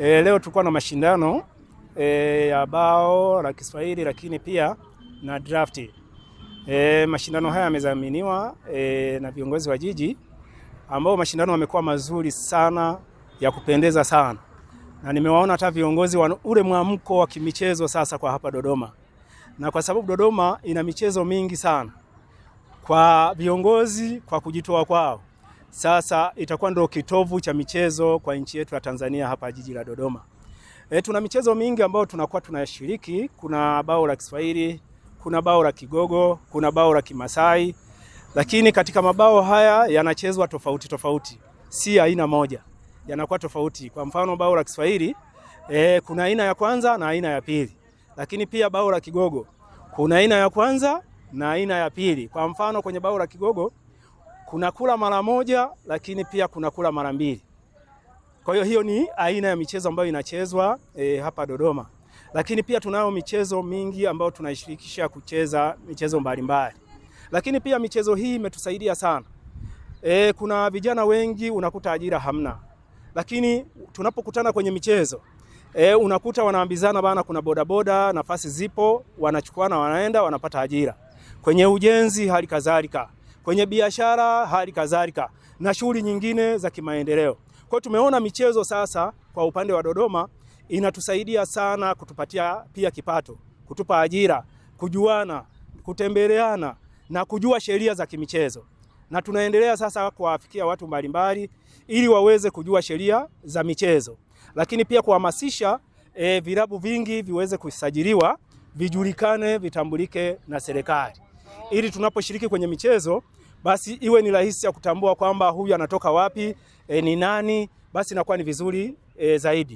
E, leo tulikuwa na mashindano e, ya bao la Kiswahili lakini pia na drafti. E, eh, mashindano haya yamedhaminiwa e, na viongozi wa jiji ambao mashindano yamekuwa mazuri sana ya kupendeza sana, na nimewaona hata viongozi wa ule mwamko wa kimichezo sasa kwa hapa Dodoma, na kwa sababu Dodoma ina michezo mingi sana, kwa viongozi kwa kujitoa kwao sasa itakuwa ndio kitovu cha michezo kwa nchi yetu ya Tanzania hapa jiji la Dodoma. E, tuna michezo mingi ambayo tunakuwa tunashiriki. Kuna bao la Kiswahili, kuna bao la Kigogo, kuna bao la Kimasai, lakini katika mabao haya yanachezwa tofauti tofauti, si aina moja, yanakuwa tofauti. Kwa mfano bao la Kiswahili e, kuna aina ya kwanza na aina ya pili, lakini pia bao la Kigogo kuna aina ya kwanza na aina ya pili. Kwa mfano kwenye bao la Kigogo kuna kula mara moja, lakini pia kuna kula mara mbili. Kwa hiyo hiyo ni aina ya michezo ambayo inachezwa e, hapa Dodoma, lakini pia tunayo michezo mingi ambayo tunaishirikisha kucheza michezo mbalimbali, lakini pia michezo hii imetusaidia sana e, kuna vijana wengi unakuta ajira hamna, lakini tunapokutana kwenye michezo e, unakuta wanaambizana bana, kuna bodaboda nafasi zipo, wanachukua na wanaenda wanapata ajira kwenye ujenzi, hali kadhalika kwenye biashara, hali kadhalika na shughuli nyingine za kimaendeleo. Kwa hiyo tumeona michezo sasa kwa upande wa Dodoma inatusaidia sana kutupatia pia kipato, kutupa ajira, kujuana, kutembeleana na kujua sheria za kimichezo, na tunaendelea sasa kuwafikia watu mbalimbali ili waweze kujua sheria za michezo, lakini pia kuhamasisha e, vilabu vingi viweze kusajiliwa, vijulikane, vitambulike na serikali ili tunaposhiriki kwenye michezo basi iwe ni rahisi ya kutambua kwamba huyu anatoka wapi, e, ni nani, basi inakuwa ni vizuri e, zaidi.